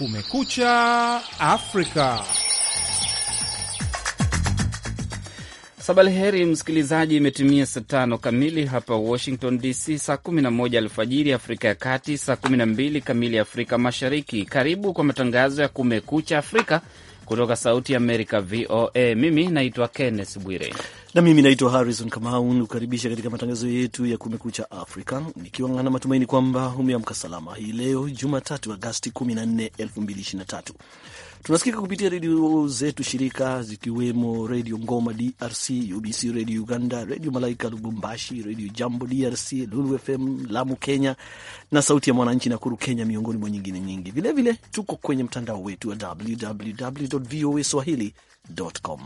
Kumekucha Afrika. Sabali heri msikilizaji, imetimia saa tano kamili hapa Washington DC, saa 11 alfajiri Afrika ya Kati, saa 12 kamili Afrika Mashariki. Karibu kwa matangazo ya Kumekucha Afrika kutoka Sauti Amerika VOA. Mimi naitwa Kenneth Bwire na mimi naitwa Harrison Kamau, nikukaribisha katika matangazo yetu ya Kumekucha Afrika, nikiwa na matumaini kwamba umeamka salama hii leo Jumatatu, Agasti 14, 2023. Tunasikika kupitia redio zetu shirika zikiwemo Redio Ngoma DRC, UBC Redio Uganda, Redio Malaika Lubumbashi, Redio Jambo DRC, Lulu FM Lamu Kenya na Sauti ya Mwananchi Nakuru Kenya, miongoni mwa nyingine nyingi. Vilevile vile, tuko kwenye mtandao wetu wa www voa swahili com.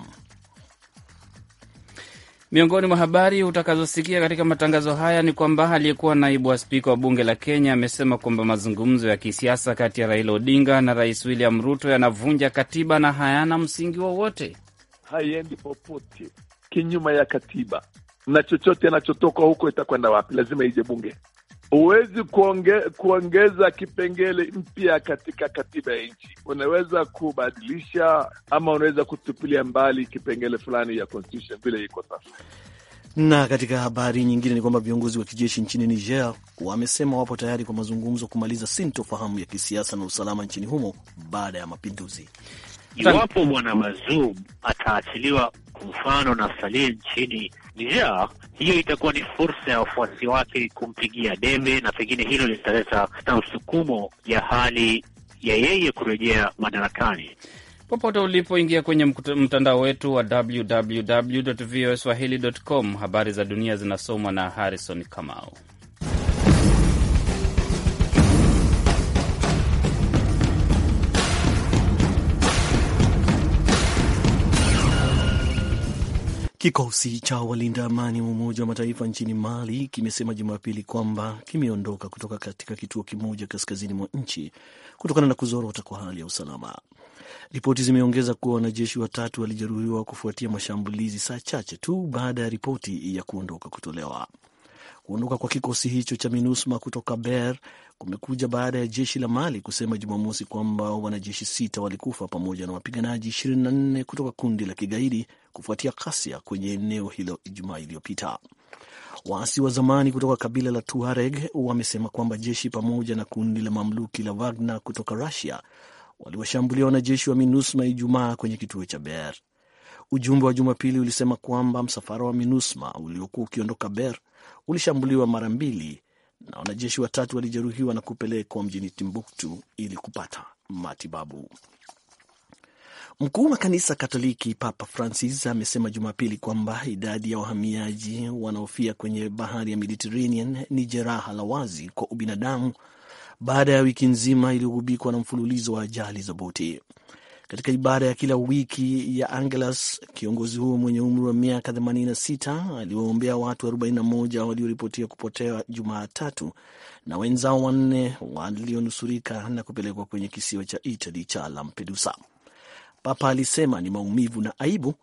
Miongoni mwa habari utakazosikia katika matangazo haya ni kwamba aliyekuwa naibu wa spika wa bunge la Kenya amesema kwamba mazungumzo ya kisiasa kati ya Raila Odinga na Rais William Ruto yanavunja katiba na hayana msingi wowote, haiendi popote, kinyuma ya katiba, na chochote anachotoka huko itakwenda wapi? Lazima ije bunge. Huwezi kuonge, kuongeza kipengele mpya katika katiba ya nchi. Unaweza kubadilisha ama unaweza kutupilia mbali kipengele fulani ya constitution vile iko sasa. Na katika habari nyingine ni kwamba viongozi wa kijeshi nchini Niger wamesema wapo tayari kwa mazungumzo kumaliza sintofahamu ya kisiasa na usalama nchini humo baada ya mapinduzi. Iwapo Bwana Mazum ataachiliwa, kwa mfano na salie nchini Niger, hiyo itakuwa ni fursa ya wafuasi wake kumpigia debe, na pengine hilo litaleta na msukumo ya hali ya yeye kurejea madarakani. Popote ulipoingia kwenye mtandao wetu wa www voaswahili.com, habari za dunia zinasomwa na Harrison Kamau. Kikosi cha walinda amani wa Umoja wa Mataifa nchini Mali kimesema Jumapili kwamba kimeondoka kutoka katika kituo kimoja kaskazini mwa nchi kutokana na kuzorota kwa hali ya usalama. Ripoti zimeongeza kuwa wanajeshi watatu walijeruhiwa kufuatia mashambulizi saa chache tu baada ya ripoti ya kuondoka kutolewa. Kuondoka kwa kikosi hicho cha MINUSMA kutoka Ber kumekuja baada ya jeshi la Mali kusema Jumamosi kwamba wanajeshi sita walikufa pamoja na wapiganaji 24 kutoka kundi la kigaidi kufuatia ghasia kwenye eneo hilo Ijumaa iliyopita. Waasi wa zamani kutoka kabila la Tuareg wamesema kwamba jeshi pamoja na kundi la mamluki la Wagner kutoka Rusia waliwashambulia wanajeshi wa MINUSMA Ijumaa kwenye kituo cha Ber. Ujumbe wa Jumapili ulisema kwamba msafara wa MINUSMA uliokuwa ukiondoka Ber ulishambuliwa mara mbili na wanajeshi watatu walijeruhiwa na kupelekwa mjini Timbuktu ili kupata matibabu. Mkuu wa kanisa Katoliki Papa Francis amesema Jumapili kwamba idadi ya wahamiaji wanaofia kwenye bahari ya Mediterranean ni jeraha la wazi kwa ubinadamu baada ya wiki nzima iliyogubikwa na mfululizo wa ajali za boti. Katika ibada ya kila wiki ya Angelus, kiongozi huo mwenye umri wa miaka 86 aliwaombea watu 41 walioripotia kupotea Jumatatu na wenzao wanne walionusurika na kupelekwa kwenye kisiwa cha Itali cha Lampedusa. Papa alisema ni maumivu na aibu,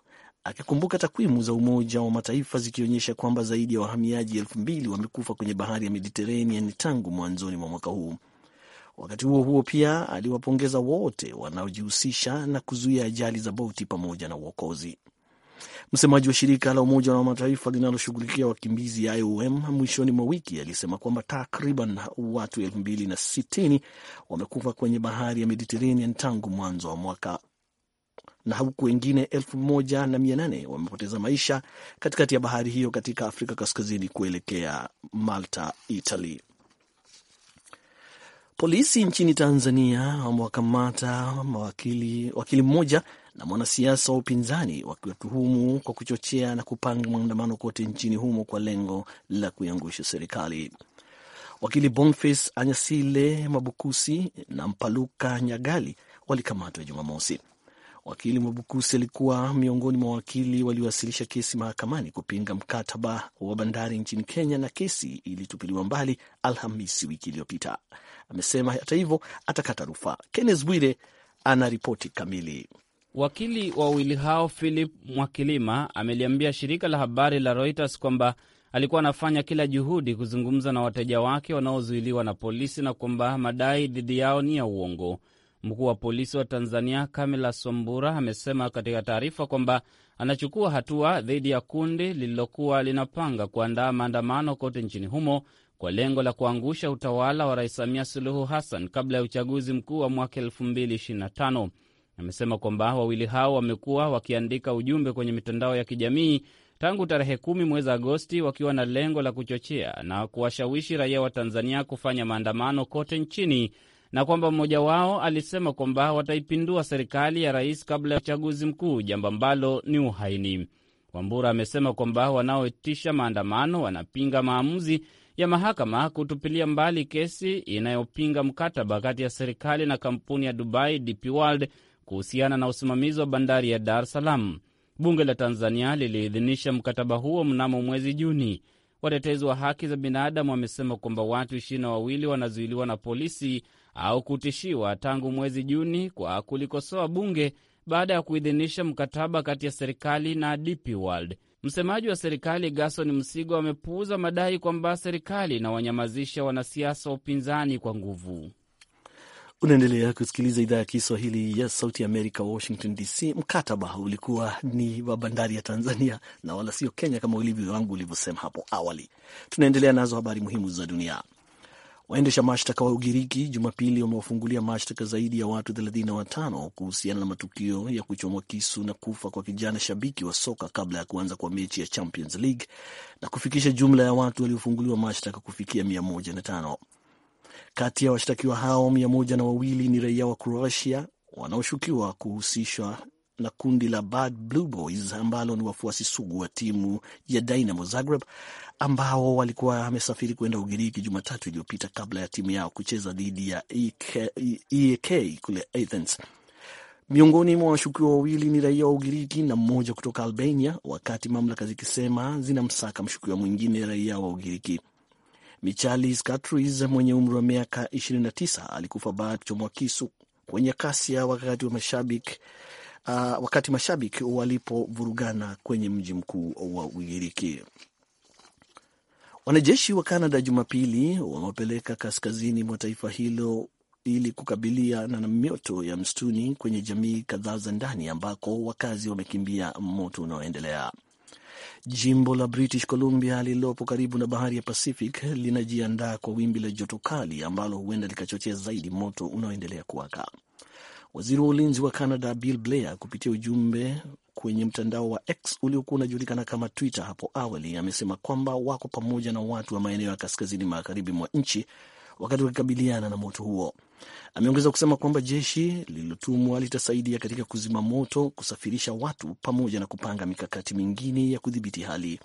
akikumbuka takwimu za Umoja wa Mataifa zikionyesha kwamba zaidi ya wahamiaji elfu mbili wamekufa kwenye bahari ya Mediterranean tangu mwanzoni mwa mwaka huu. Wakati huo huo, pia aliwapongeza wote wanaojihusisha na kuzuia ajali za boti pamoja na uokozi. Msemaji wa shirika la Umoja wa Mataifa linaloshughulikia wakimbizi IOM mwishoni mwa wiki alisema kwamba takriban watu elfu mbili na sitini wamekufa kwenye bahari ya Mediterranean tangu mwanzo wa mwaka na huku wengine elfu moja na mia nane wamepoteza maisha katikati ya bahari hiyo katika Afrika Kaskazini kuelekea Malta, Italy. Polisi nchini Tanzania wamewakamata wakili, wakili mmoja na mwanasiasa wa upinzani wakiwatuhumu kwa kuchochea na kupanga maandamano kote nchini humo kwa lengo la kuiangusha serikali. Wakili Boniface Anyasile Mabukusi na Mpaluka Nyagali walikamatwa Jumamosi. Wakili Mwabukusi alikuwa miongoni mwa wakili waliowasilisha kesi mahakamani kupinga mkataba wa bandari nchini Kenya, na kesi ilitupiliwa mbali Alhamisi wiki iliyopita. Amesema hata hivyo atakata rufaa. Kennes Bwire ana ripoti kamili. Wakili wa wawili hao Philip Mwakilima ameliambia shirika la habari la Reuters kwamba alikuwa anafanya kila juhudi kuzungumza na wateja wake wanaozuiliwa na polisi na kwamba madai dhidi yao ni ya uongo. Mkuu wa polisi wa Tanzania Kamila Sombura amesema katika taarifa kwamba anachukua hatua dhidi ya kundi lililokuwa linapanga kuandaa maandamano kote nchini humo kwa lengo la kuangusha utawala wa Rais Samia Suluhu Hassan kabla ya uchaguzi mkuu wa mwaka 2025. Amesema kwamba wawili hao wamekuwa wakiandika ujumbe kwenye mitandao ya kijamii tangu tarehe kumi mwezi Agosti wakiwa na lengo la kuchochea na kuwashawishi raia wa Tanzania kufanya maandamano kote nchini na kwamba mmoja wao alisema kwamba wataipindua serikali ya rais kabla ya uchaguzi mkuu, jambo ambalo ni uhaini. Wambura amesema kwamba wanaoitisha maandamano wanapinga maamuzi ya mahakama kutupilia mbali kesi inayopinga mkataba kati ya serikali na kampuni ya Dubai DP World kuhusiana na usimamizi wa bandari ya Dar es Salaam. Bunge la Tanzania liliidhinisha mkataba huo mnamo mwezi Juni. Watetezi wa haki za binadamu wamesema kwamba watu ishirini na wawili wanazuiliwa na polisi au kutishiwa tangu mwezi Juni kwa kulikosoa bunge baada ya kuidhinisha mkataba kati ya serikali na DP World. Msemaji wa serikali gason Msigo amepuuza madai kwamba serikali inawanyamazisha wanasiasa wa upinzani kwa nguvu. Unaendelea kusikiliza idhaa ya Kiswahili ya Sauti Amerika, Washington DC. Mkataba ulikuwa ni wa bandari ya Tanzania na wala sio Kenya kama ulivyo wangu ulivyosema hapo awali. Tunaendelea nazo habari muhimu za dunia. Waendesha mashtaka wa Ugiriki Jumapili wamewafungulia mashtaka zaidi ya watu 35 kuhusiana na matukio ya kuchomwa kisu na kufa kwa kijana shabiki wa soka kabla ya kuanza kwa mechi ya Champions League na kufikisha jumla ya watu waliofunguliwa mashtaka kufikia 105. Kati ya washtakiwa hao mia na wawili ni raia wa Croatia wanaoshukiwa kuhusishwa na kundi la Bad Blue Boys ambalo ni wafuasi sugu wa timu ya Dynamo Zagreb ambao walikuwa wamesafiri kwenda Ugiriki Jumatatu iliyopita kabla ya timu yao kucheza dhidi ya EK e kule Athens. Miongoni mwa washukiwa wawili ni raia wa Ugiriki na mmoja kutoka Albania, wakati mamlaka zikisema zinamsaka mshukiwa mwingine raia wa Ugiriki. Michalis Katris mwenye umri wa miaka 29 alikufa baada ya kuchomwa kisu kwenye kasia wakati wa mashabiki uh, wakati mashabiki walipovurugana kwenye mji mkuu wa Ugiriki. Wanajeshi wa Kanada Jumapili wamepeleka kaskazini mwa taifa hilo ili kukabilia na mioto ya msituni kwenye jamii kadhaa za ndani ambako wakazi wamekimbia moto unaoendelea. Jimbo la British Columbia lililopo karibu na bahari ya Pacific linajiandaa kwa wimbi la joto kali ambalo huenda likachochea zaidi moto unaoendelea kuwaka. Waziri wa ulinzi wa Canada Bill Blair kupitia ujumbe kwenye mtandao wa X uliokuwa unajulikana kama Twitter hapo awali amesema kwamba wako pamoja na watu wa maeneo ya kaskazini magharibi mwa nchi wakati wakikabiliana na moto huo. Ameongeza kusema kwamba jeshi lililotumwa litasaidia katika kuzima moto, kusafirisha watu, pamoja na kupanga mikakati mingine ya kudhibiti hali.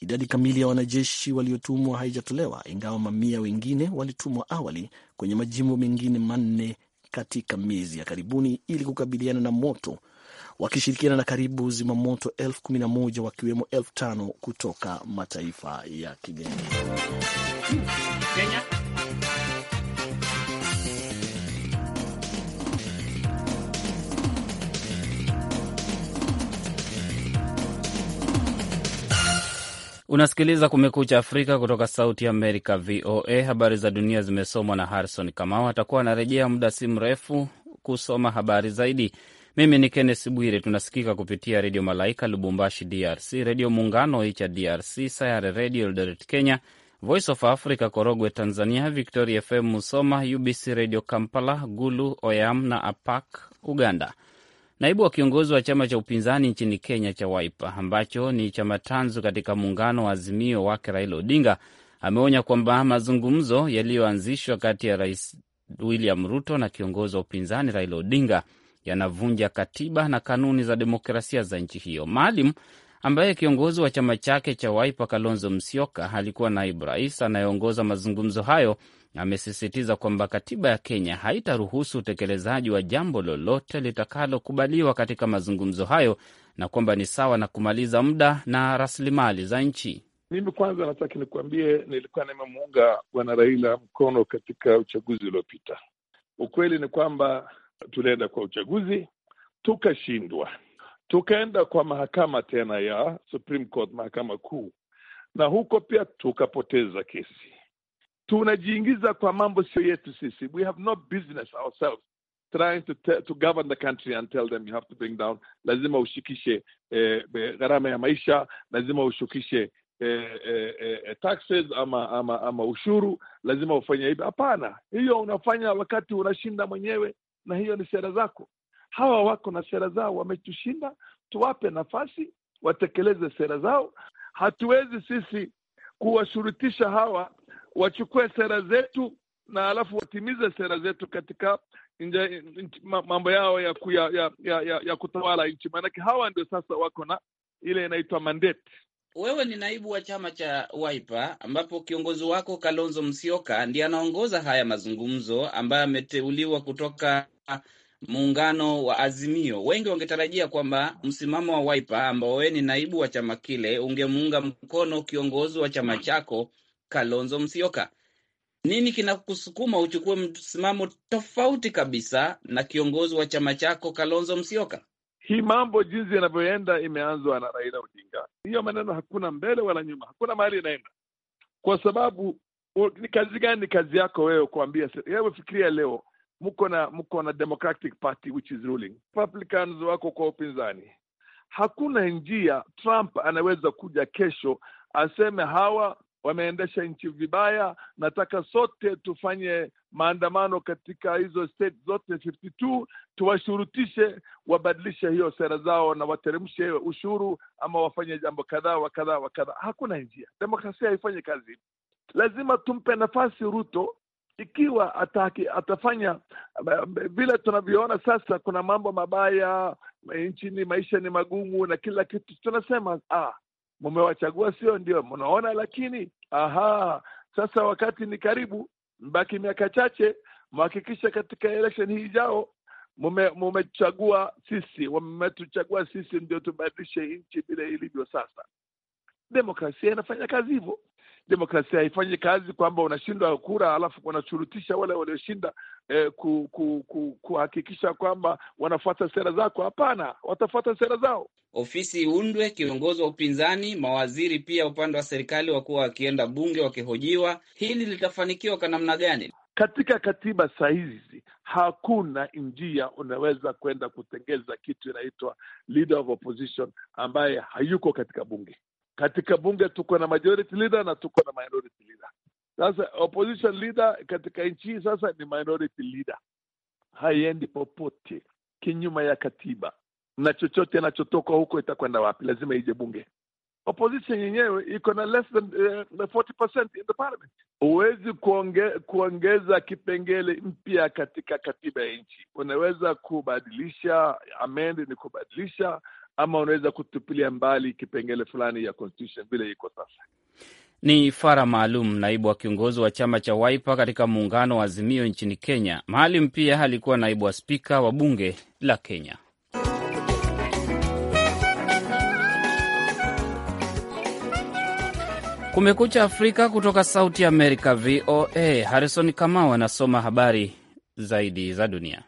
Idadi kamili ya wanajeshi waliotumwa haijatolewa, ingawa mamia wengine walitumwa awali kwenye majimbo mengine manne katika miezi ya karibuni ili kukabiliana na moto wakishirikiana na karibu zimamoto elfu kumi na moja wakiwemo elfu tano kutoka mataifa ya kigeni. Unasikiliza Kumekucha Afrika kutoka Sauti Amerika, VOA. Habari za dunia zimesomwa na Harrison Kamau. Atakuwa anarejea muda si mrefu kusoma habari zaidi. Mimi ni Kennes Bwire. Tunasikika kupitia Redio Malaika Lubumbashi DRC, Redio Muungano Icha DRC, Sayare Redio Eldoret Kenya, Voice of Africa Korogwe Tanzania, Victoria FM Musoma, UBC Redio Kampala, Gulu, Oyam na Apak Uganda. Naibu wa kiongozi wa chama cha upinzani nchini Kenya cha Waipa, ambacho ni chama tanzu katika muungano wa Azimio wake Raila Odinga ameonya kwamba mazungumzo yaliyoanzishwa kati ya Rais William Ruto na kiongozi wa upinzani Raila Odinga yanavunja katiba na kanuni za demokrasia za nchi hiyo. Maalim ambaye kiongozi wa chama chake cha Waipa Kalonzo Musyoka alikuwa naibu rais anayeongoza mazungumzo hayo amesisitiza kwamba katiba ya Kenya haitaruhusu utekelezaji wa jambo lolote litakalokubaliwa katika mazungumzo hayo na kwamba ni sawa na kumaliza muda na rasilimali za nchi. Mimi kwanza nataki nikuambie, nilikuwa nimemuunga Bwana Raila mkono katika uchaguzi uliopita. Ukweli ni kwamba tulienda kwa uchaguzi tukashindwa, tukaenda kwa mahakama tena ya Supreme Court, mahakama kuu, na huko pia tukapoteza kesi tunajiingiza kwa mambo sio yetu sisi. We have no business ourselves trying to, to govern the country and tell them you have to bring down. Lazima ushikishe eh, eh gharama ya maisha, lazima ushukishe eh eh, eh, eh, taxes ama, ama, ama ushuru, lazima ufanye hivi. Hapana, hiyo unafanya wakati unashinda mwenyewe, na hiyo ni sera zako. Hawa wako na sera zao, wametushinda. Tuwape nafasi watekeleze sera zao. Hatuwezi sisi kuwashurutisha hawa wachukue sera zetu na alafu watimize sera zetu katika nje, mambo yao ya, kuya, ya, ya, ya, ya kutawala nchi, maanake hawa ndio sasa wako na ile inaitwa mandate. Wewe ni naibu wa chama cha Wiper ambapo kiongozi wako Kalonzo Musyoka ndiye anaongoza haya mazungumzo ambayo ameteuliwa kutoka muungano wa Azimio. Wengi wangetarajia kwamba msimamo wa Wiper ambao wewe ni naibu wa chama kile ungemuunga mkono kiongozi wa chama chako Kalonzo Musyoka. Nini kinakusukuma uchukue msimamo tofauti kabisa na kiongozi wa chama chako Kalonzo Musyoka? Hii mambo jinsi yanavyoenda imeanzwa na Raila Odinga. Hiyo maneno hakuna mbele wala nyuma, hakuna mahali inaenda, kwa sababu ni kazi gani? Ni kazi yako wewe kuambia wewe. Fikiria leo mko na mko na Democratic Party which is ruling, Republicans wako kwa upinzani. Hakuna njia Trump anaweza kuja kesho aseme hawa wameendesha nchi vibaya. Nataka sote tufanye maandamano katika hizo state zote 52 tuwashurutishe wabadilishe hiyo sera zao na wateremshe ushuru ama wafanye jambo kadhaa wa kadhaa wa kadhaa. Hakuna njia, demokrasia haifanyi kazi. Lazima tumpe nafasi Ruto ikiwa ataki, atafanya vile tunavyoona sasa. Kuna mambo mabaya nchini, maisha ni magumu na kila kitu, tunasema ah, mumewachagua, sio ndio? Mnaona, lakini aha, sasa wakati ni karibu, mbaki miaka chache, mhakikisha katika election hii ijao mumechagua sisi, mmetuchagua sisi ndio tubadilishe nchi vile ilivyo sasa. Demokrasia inafanya kazi hivyo demokrasia haifanyi kazi, kwamba unashindwa kura alafu wanashurutisha wale walioshinda eh, ku, ku, ku, kuhakikisha kwamba wanafuata sera zako. Hapana, watafuata sera zao. Ofisi undwe kiongozi wa upinzani, mawaziri pia upande wa serikali wakuwa wakienda bunge wakihojiwa. Hili litafanikiwa kwa namna gani? Katika katiba sahizi hakuna njia unaweza kwenda kutengeza kitu inaitwa leader of opposition ambaye hayuko katika bunge. Katika bunge tuko na majority leader na tuko na minority leader. Sasa opposition leader katika nchi hii sasa ni minority leader, haiendi popote kinyuma ya katiba, na chochote anachotoka huko itakwenda wapi? Lazima ije bunge. Opposition yenyewe iko na less than uh, eh, 40% in the parliament. Huwezi kuonge, kuongeza kipengele mpya katika katiba ya nchi. Unaweza kubadilisha, amend ni kubadilisha ama unaweza kutupilia mbali kipengele fulani ya constitution vile iko sasa. Ni Fara Maalum, naibu wa kiongozi wa chama cha waipa katika muungano wa Azimio nchini Kenya. Maalum pia alikuwa naibu wa spika wa bunge la Kenya. Kumekucha Afrika kutoka Sauti Amerika, VOA. Harrison Kamau anasoma habari zaidi za dunia.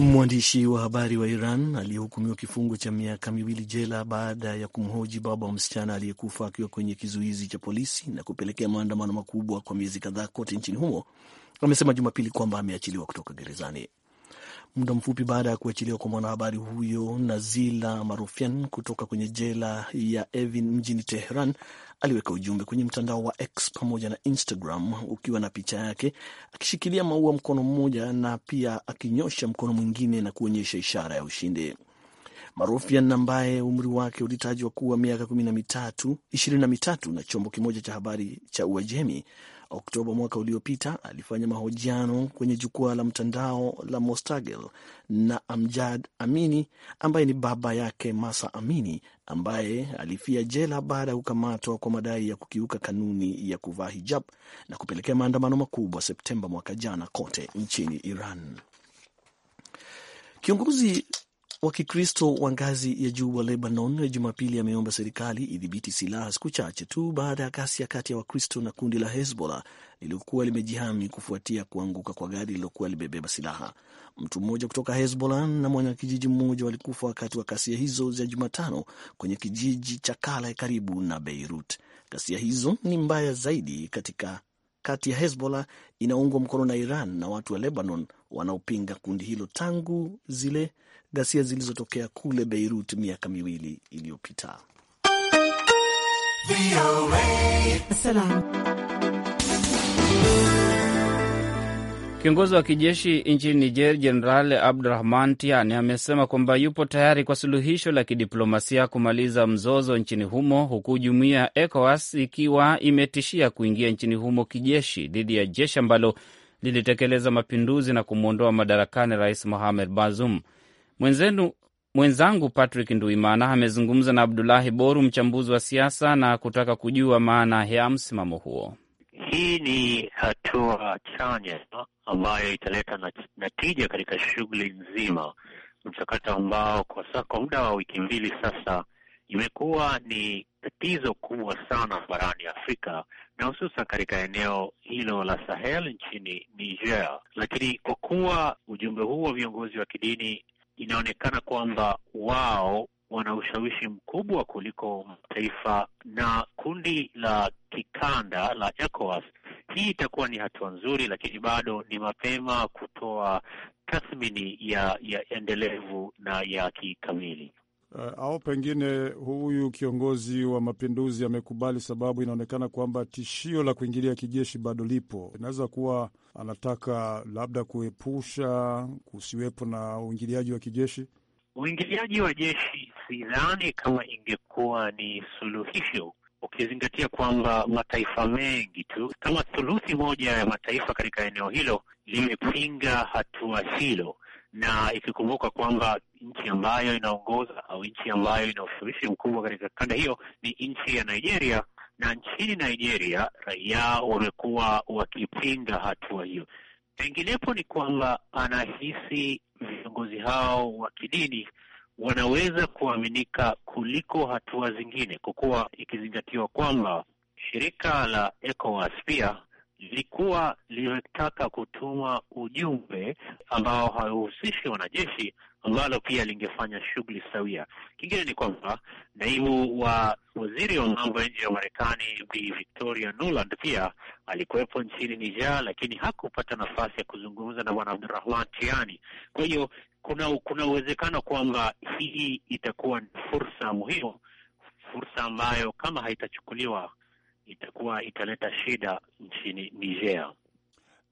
Mwandishi wa habari wa Iran aliyehukumiwa kifungo cha miaka miwili jela baada ya kumhoji baba wa msichana aliyekufa akiwa kwenye kizuizi cha polisi na kupelekea maandamano makubwa kwa miezi kadhaa kote nchini humo amesema Jumapili kwamba ameachiliwa kutoka gerezani muda mfupi baada ya kuachiliwa kwa mwanahabari huyo Nazila Marufian kutoka kwenye jela ya Evin mjini Teheran, aliweka ujumbe kwenye mtandao wa X pamoja na Instagram ukiwa na picha yake akishikilia maua mkono mmoja na pia akinyosha mkono mwingine na kuonyesha ishara ya ushindi. Marufian ambaye umri wake ulitajwa kuwa miaka kumi na mitatu ishirini na mitatu na chombo kimoja cha habari cha Uajemi Oktoba mwaka uliopita alifanya mahojiano kwenye jukwaa la mtandao la Mostagel na Amjad Amini ambaye ni baba yake Masa Amini ambaye alifia jela baada ya kukamatwa kwa madai ya kukiuka kanuni ya kuvaa hijab na kupelekea maandamano makubwa Septemba mwaka jana kote nchini Iran. Kiongozi wa Kikristo wa ngazi ya juu wa Lebanon Jumapili ameomba serikali idhibiti silaha siku chache tu baada ya ghasia kati ya Wakristo na kundi la Hezbollah lililokuwa limejihami kufuatia kuanguka kwa gari lililokuwa limebeba silaha. Mtu mmoja kutoka Hezbollah na mwanakijiji mmoja walikufa wakati wa ghasia hizo za Jumatano kwenye kijiji cha Kala karibu na Beirut. Ghasia hizo ni mbaya zaidi katika kati ya Hezbollah inaungwa mkono na Iran na watu wa Lebanon wanaopinga kundi hilo tangu zile ghasia zilizotokea kule Beirut miaka miwili iliyopita. Kiongozi wa kijeshi nchini Niger, Jenerali Abdurahman Tiani, amesema kwamba yupo tayari kwa suluhisho la kidiplomasia kumaliza mzozo nchini humo, huku jumuiya ya ECOWAS ikiwa imetishia kuingia nchini humo kijeshi dhidi ya jeshi ambalo lilitekeleza mapinduzi na kumwondoa madarakani Rais Mohamed Bazoum. Mwenzenu, mwenzangu Patrick Nduimana amezungumza na Abdulahi Boru, mchambuzi wa siasa, na kutaka kujua maana ya msimamo huo. Hii ni hatua chanya ambayo italeta natija katika shughuli nzima, mchakato ambao kwa sasa, kwa muda wa wiki mbili sasa, imekuwa ni tatizo kubwa sana barani Afrika na hususan katika eneo hilo la Sahel nchini Niger. Lakini kwa kuwa ujumbe huu wa viongozi wa kidini inaonekana kwamba wao wana ushawishi mkubwa kuliko mataifa na kundi la kikanda la ECOWAS. Hii itakuwa ni hatua nzuri, lakini bado ni mapema kutoa tathmini ya, ya endelevu na ya kikamili. Uh, au pengine huyu kiongozi wa mapinduzi amekubali, sababu inaonekana kwamba tishio la kuingilia kijeshi bado lipo. Inaweza kuwa anataka labda kuepusha kusiwepo na uingiliaji wa kijeshi. Uingiliaji wa jeshi sidhani kama ingekuwa ni suluhisho, ukizingatia kwamba mataifa mengi tu kama thuluthi moja ya mataifa katika eneo hilo limepinga hatua hilo na ikikumbuka kwamba nchi ambayo inaongoza au nchi ambayo ina ushawishi mkubwa katika kanda hiyo ni nchi ya Nigeria, na nchini Nigeria raia wamekuwa wakipinga hatua hiyo. Penginepo ni kwamba anahisi viongozi hao wa kidini wanaweza kuaminika kuliko hatua zingine, kwa kuwa ikizingatiwa kwamba shirika la ECOWAS pia zikuwa linataka kutuma ujumbe ambao hauhusishi wanajeshi, ambalo pia lingefanya shughuli sawia. Kingine ni kwamba naibu wa waziri wa mambo ya nje ya Marekani Bi Victoria Nuland pia alikuwepo nchini Niger, lakini hakupata nafasi ya kuzungumza na Bwana Abdurahman Tiani. Kwa hiyo kuna kuna uwezekano kwamba hii itakuwa ni fursa muhimu, fursa ambayo kama haitachukuliwa itakuwa italeta shida nchini Niger.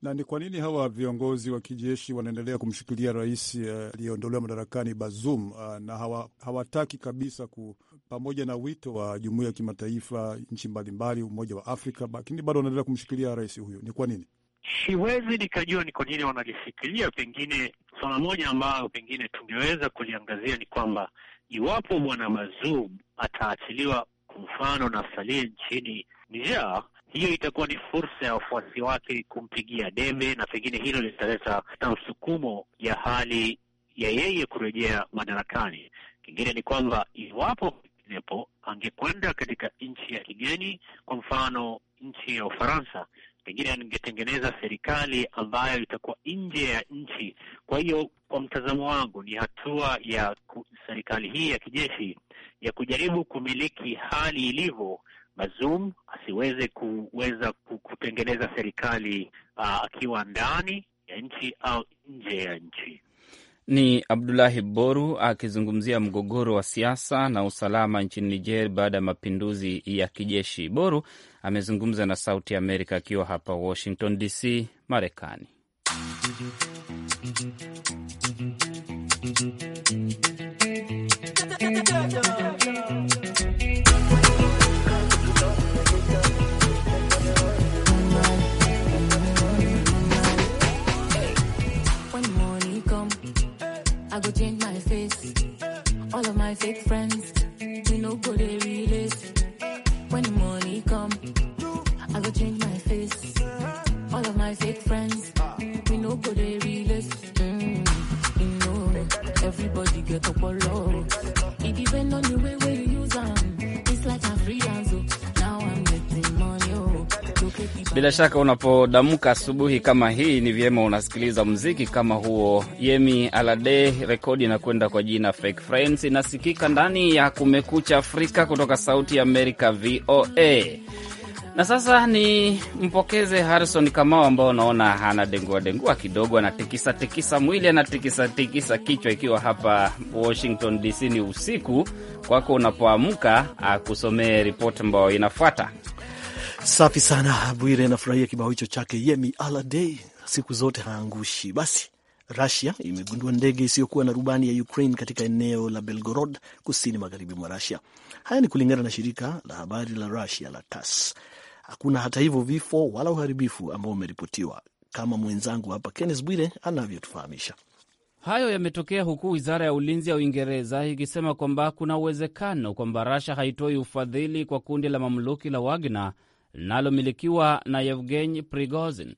Na ni kwa nini hawa viongozi wa kijeshi wanaendelea kumshikilia rais eh, aliyeondolewa uh, madarakani Bazoum uh, na hawa, hawataki kabisa ku, pamoja na wito wa jumuiya ya kimataifa, nchi mbalimbali, Umoja wa Afrika, lakini bado wanaendelea kumshikilia rais huyu ni kwa nini? Siwezi nikajua ni kwa nini wanalishikilia. Pengine swala moja ambayo pengine tungeweza kuliangazia ni kwamba iwapo bwana Bazoum ataachiliwa, kwa mfano na salie nchini Niger, hiyo itakuwa ni fursa ya wafuasi wake kumpigia debe, na pengine hilo litaleta na msukumo ya hali ya yeye kurejea madarakani. Kingine ni kwamba iwapo penginepo angekwenda katika nchi ya kigeni, kwa mfano nchi ya Ufaransa, pengine angetengeneza serikali ambayo itakuwa nje ya nchi. Kwa hiyo, kwa mtazamo wangu, ni hatua ya serikali hii ya kijeshi ya kujaribu kumiliki hali ilivyo Bazoum asiweze kuweza kutengeneza serikali uh, akiwa ndani ya nchi au nje ya nchi. Ni Abdulahi Boru akizungumzia mgogoro wa siasa na usalama nchini Niger baada ya mapinduzi ya kijeshi. Boru amezungumza na Sauti Amerika akiwa hapa Washington DC, Marekani. I go change my face. All of my fake friends, we no go they release. When the money come, I go change my face. All of my fake friends, we no go they release. Mm, you know, everybody get up alone. It depend on the way where you use them. It's like a freelance. Bila shaka unapodamka asubuhi kama hii, ni vyema unasikiliza mziki kama huo. Yemi Alade, rekodi inakwenda kwa jina Fake Friends, inasikika ndani ya Kumekucha Afrika kutoka Sauti ya Amerika, VOA. Na sasa ni mpokeze Harrison Kamau, ambao unaona anadengua dengua kidogo, anatikisa tikisa mwili, anatikisa tikisa kichwa, ikiwa hapa Washington DC ni usiku kwako, unapoamka akusomee ripoti ambayo inafuata. Safi sana Bwire, nafurahia kibao hicho chake Yemi Alade, siku zote haangushi. Basi Rusia imegundua ndege isiyokuwa na rubani ya Ukraine katika eneo la Belgorod, kusini magharibi mwa Rusia. Haya ni kulingana na shirika la habari la Rusia la TAS. Hakuna hata hivyo vifo wala uharibifu ambao umeripotiwa, kama mwenzangu hapa Kennes Bwire anavyotufahamisha. Hayo yametokea huku wizara ya ulinzi ya Uingereza ikisema kwamba kuna uwezekano kwamba Russia haitoi ufadhili kwa kundi la mamluki la Wagner linalomilikiwa na Yevgeny Prigozhin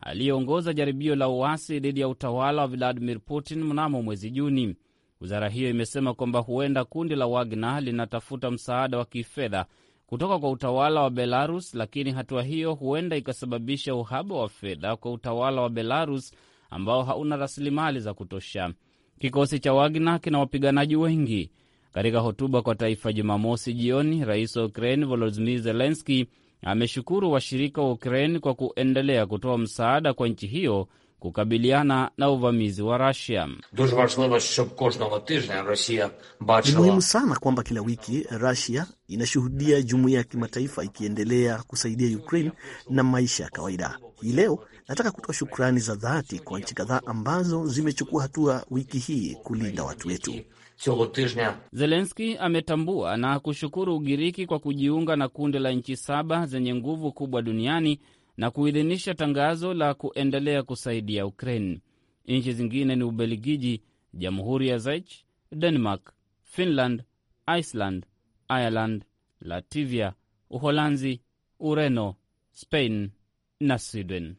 aliyeongoza jaribio la uasi dhidi ya utawala wa Vladimir Putin mnamo mwezi Juni. Wizara hiyo imesema kwamba huenda kundi la Wagner linatafuta msaada wa kifedha kutoka kwa utawala wa Belarus, lakini hatua hiyo huenda ikasababisha uhaba wa fedha kwa utawala wa Belarus ambao hauna rasilimali za kutosha. Kikosi cha Wagner kina wapiganaji wengi. Katika hotuba kwa taifa Jumamosi jioni, rais wa Ukraine Volodymyr Zelensky ameshukuru washirika wa Ukraine kwa kuendelea kutoa msaada kwa nchi hiyo kukabiliana na uvamizi wa Rusia. Ni muhimu sana kwamba kila wiki Rusia inashuhudia jumuiya ya kimataifa ikiendelea kusaidia Ukraine na maisha ya kawaida. Hii leo nataka kutoa shukrani za dhati kwa nchi kadhaa ambazo zimechukua hatua wiki hii kulinda watu wetu цього тижня. Zelenski ametambua na kushukuru Ugiriki kwa kujiunga na kundi la nchi saba zenye nguvu kubwa duniani na kuidhinisha tangazo la kuendelea kusaidia Ukraine. Nchi zingine ni Ubelgiji, Jamhuri ya Czech, Denmark, Finland, Iceland, Ireland, Latvia, Uholanzi, Ureno, Spain na Sweden.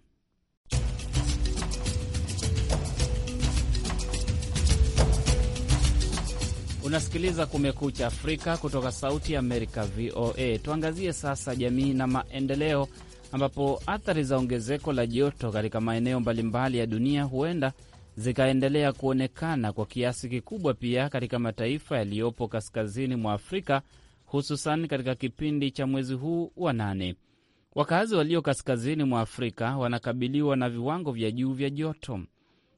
Unasikiliza Kumekucha Afrika kutoka Sauti ya Amerika, VOA. Tuangazie sasa jamii na maendeleo, ambapo athari za ongezeko la joto katika maeneo mbalimbali ya dunia huenda zikaendelea kuonekana kwa kiasi kikubwa pia katika mataifa yaliyopo kaskazini mwa Afrika, hususan katika kipindi cha mwezi huu wa nane. Wakazi walio kaskazini mwa Afrika wanakabiliwa na viwango vya juu vya joto.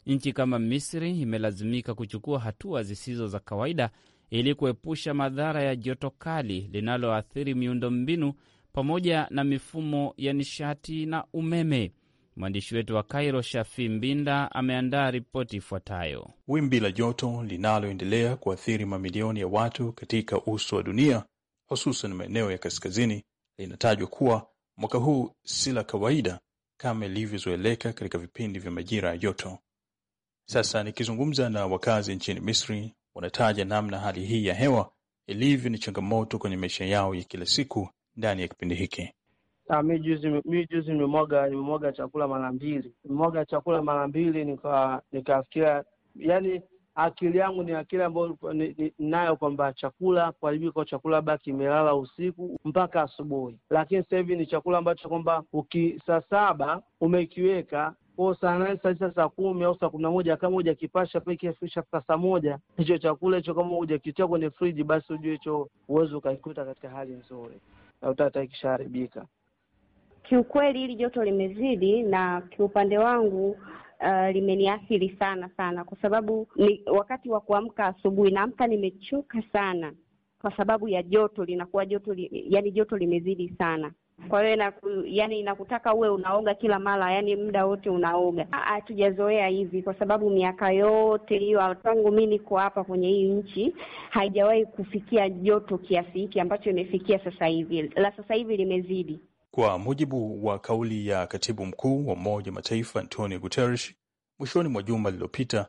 Nchi kama Misri imelazimika kuchukua hatua zisizo za kawaida ili kuepusha madhara ya joto kali linaloathiri miundombinu pamoja na mifumo ya nishati na umeme. Mwandishi wetu wa Kairo, Shafi Mbinda, ameandaa ripoti ifuatayo. Wimbi la joto linaloendelea kuathiri mamilioni ya watu katika uso wa dunia, hususan maeneo ya kaskazini, linatajwa kuwa mwaka huu si la kawaida kama ilivyozoeleka katika vipindi vya majira ya joto. Sasa nikizungumza na wakazi nchini Misri, wanataja namna hali hii ya hewa ilivyo ni changamoto kwenye maisha yao ya kila siku ndani ya kipindi hiki. Ah, mi juzi nimemwaga nimemwaga chakula mara mbili, nimemwaga chakula mara mbili, nika yani akili yangu ni akili ambayo ninayo kwamba chakula kuharibika kwa chakula baki kimelala usiku mpaka asubuhi, lakini sasa hivi ni chakula ambacho kwamba ukisaa saba umekiweka kwa saa nane sasa saa kumi au saa kumi na moja kama hujakipasha peke afika saa moja hicho chakula hicho kama hujakitia kwenye friji basi ujue hicho uwezi ukaikuta katika hali nzuri na utata ikishaharibika kiukweli hili joto limezidi na kiupande wangu Uh, limeniathiri sana sana kwa sababu ni wakati wa kuamka asubuhi, naamka nimechoka sana kwa sababu ya joto, linakuwa joto li, yani joto limezidi sana. Kwa hiyo inaku, yani inakutaka uwe unaoga kila mara, yani muda wote unaoga. Hatujazoea hivi, kwa sababu miaka yote hiyo tangu mi niko hapa kwenye hii nchi haijawahi kufikia joto kiasi hiki ambacho imefikia sasa hivi, la sasa hivi limezidi. Kwa mujibu wa kauli ya katibu mkuu wa Umoja Mataifa Antonio Guterres mwishoni mwa juma lililopita,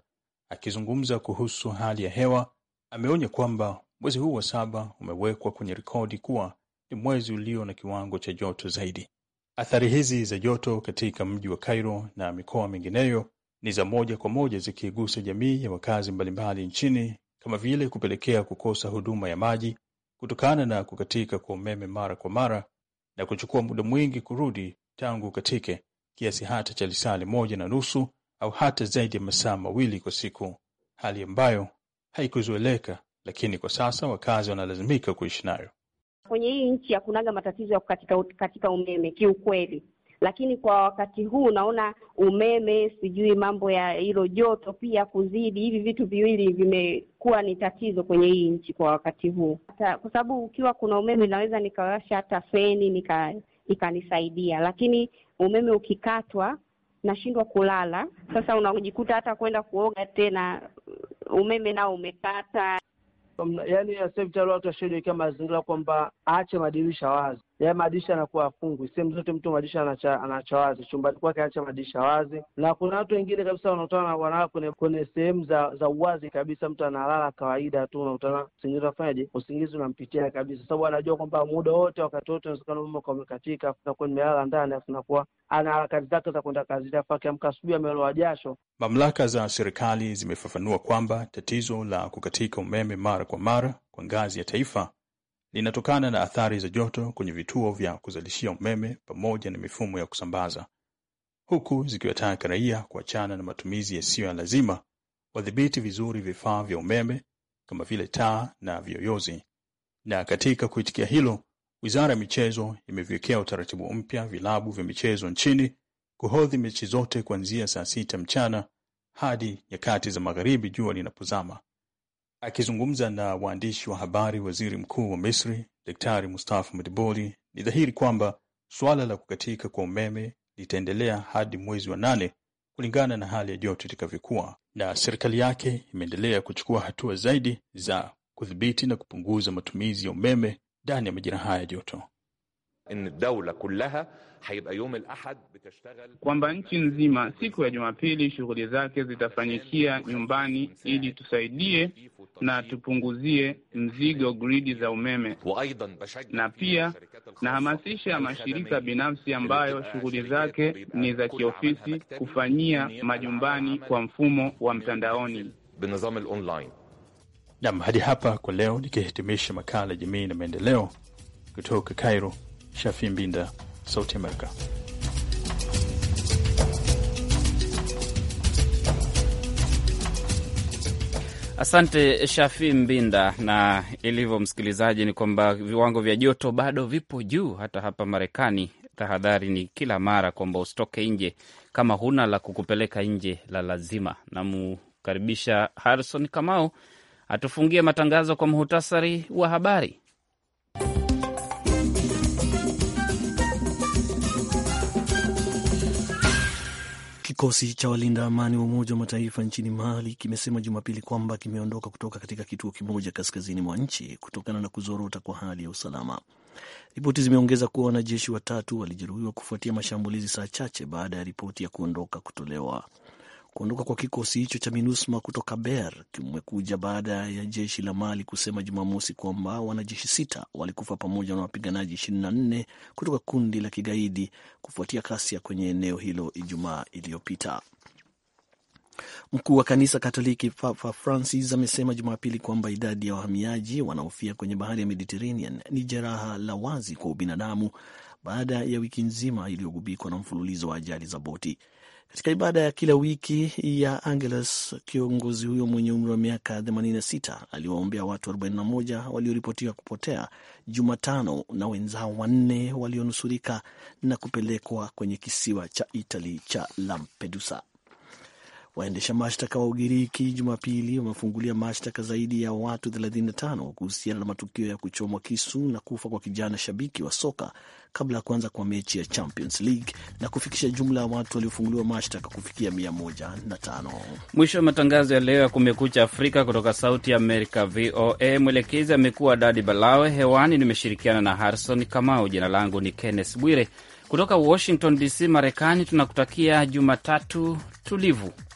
akizungumza kuhusu hali ya hewa, ameonya kwamba mwezi huu wa saba umewekwa kwenye rekodi kuwa ni mwezi ulio na kiwango cha joto zaidi. Athari hizi za joto katika mji wa Cairo na mikoa mingineyo ni za moja kwa moja zikiigusa jamii ya wakazi mbalimbali nchini kama vile kupelekea kukosa huduma ya maji kutokana na kukatika kwa umeme mara kwa mara na kuchukua muda mwingi kurudi tangu ukatike, kiasi hata cha lisali moja na nusu au hata zaidi ya masaa mawili kwa siku, hali ambayo haikuzoeleka, lakini kwa sasa wakazi wanalazimika kuishi nayo. Kwenye hii nchi hakunaga matatizo ya katika, katika umeme kiukweli, lakini kwa wakati huu naona umeme, sijui mambo ya hilo joto pia kuzidi, hivi vitu viwili vimekuwa ni tatizo kwenye hii nchi kwa wakati huu, kwa sababu ukiwa kuna umeme naweza nikawasha hata feni nika ikanisaidia, lakini umeme ukikatwa nashindwa kulala. Sasa unajikuta hata kwenda kuoga tena umeme nao umekata yani Seif Tayari watu mazingira kwamba aache madirisha wazi yeye yaani madirisha yanakuwa afungwi sehemu zote, mtu madirisha anacha, anacha wazi chumbani kwake, anacha madirisha wazi. Na kuna watu wengine kabisa wanautana wanalala kwenye kwenye sehemu za za uwazi kabisa, mtu analala kawaida tu, unautana usingizi, unafanyaje? Usingizi unampitia kabisa, sababu anajua kwamba muda wote, wakati wote, inawezekana mume kwa umekatika, afu nakuwa nimelala ndani, afu nakuwa ana harakati zake za kwenda kazini, afu akiamka asubuhi amelowa jasho. Mamlaka za serikali zimefafanua kwamba tatizo la kukatika umeme mara kwa mara kwa ngazi ya taifa linatokana na athari za joto kwenye vituo vya kuzalishia umeme pamoja na mifumo ya kusambaza, huku zikiwataka raia kuachana na matumizi yasiyo ya lazima, wadhibiti vizuri vifaa vya umeme kama vile taa na viyoyozi. Na katika kuitikia hilo, wizara ya michezo imeviwekea utaratibu mpya vilabu vya michezo nchini kuhodhi mechi zote kuanzia saa sita mchana hadi nyakati za magharibi jua linapozama, Akizungumza na waandishi wa habari, waziri mkuu wa Misri Daktari Mustafa Madiboli, ni dhahiri kwamba suala la kukatika kwa umeme litaendelea hadi mwezi wa nane kulingana na hali ya joto itakavyokuwa, na serikali yake imeendelea kuchukua hatua zaidi za kudhibiti na kupunguza matumizi ya umeme ndani ya majira haya ya joto kwamba nchi nzima siku ya Jumapili shughuli zake zitafanyikia nyumbani ili tusaidie na tupunguzie mzigo gridi za umeme. Na pia nahamasisha mashirika binafsi ambayo shughuli zake ni za kiofisi kufanyia majumbani kwa mfumo wa mtandaoni. Nam, hadi hapa kwa leo, nikihitimisha makala ya jamii na maendeleo kutoka Cairo. Shafi Mbinda, Sauti Amerika. Asante Shafi Mbinda. Na ilivyo msikilizaji, ni kwamba viwango vya joto bado vipo juu, hata hapa Marekani. Tahadhari ni kila mara kwamba usitoke nje kama huna la kukupeleka nje la lazima. Namkaribisha Harison Kamau atufungie matangazo kwa muhutasari wa habari. Kikosi cha walinda amani wa Umoja wa Mataifa nchini Mali kimesema Jumapili kwamba kimeondoka kutoka katika kituo kimoja kaskazini mwa nchi kutokana na kuzorota kwa hali ya usalama. Ripoti zimeongeza kuwa wanajeshi watatu walijeruhiwa kufuatia mashambulizi saa chache baada ya ripoti ya kuondoka kutolewa. Kuondoka kwa kikosi hicho cha MINUSMA kutoka Ber kumekuja baada ya jeshi la Mali kusema Jumamosi kwamba wanajeshi sita walikufa pamoja na wapiganaji 24 kutoka kundi la kigaidi kufuatia kasia kwenye eneo hilo Ijumaa iliyopita. Mkuu wa kanisa Katoliki Papa Francis amesema Jumapili kwamba idadi ya wahamiaji wanaofia kwenye bahari ya Mediterranean ni jeraha la wazi kwa ubinadamu baada ya wiki nzima iliyogubikwa na mfululizo wa ajali za boti. Katika ibada ya kila wiki ya Angelus, kiongozi huyo mwenye umri wa miaka 86 aliwaombea watu 41 walioripotiwa kupotea Jumatano na wenzao wanne walionusurika na kupelekwa kwenye kisiwa cha Itali cha Lampedusa. Waendesha mashtaka wa Ugiriki Jumapili wamefungulia mashtaka zaidi ya watu 35 kuhusiana na matukio ya kuchomwa kisu na kufa kwa kijana shabiki wa soka kabla ya kuanza kwa mechi ya Champions League na kufikisha jumla ya watu waliofunguliwa mashtaka kufikia 105. Mwisho wa matangazo ya leo ya Kumekucha Afrika kutoka Sauti Amerika, VOA. Mwelekezi amekuwa Dadi Balawe. Hewani nimeshirikiana na Harrison Kamau. Jina langu ni Kenneth Bwire kutoka Washington DC, Marekani. Tunakutakia Jumatatu tulivu.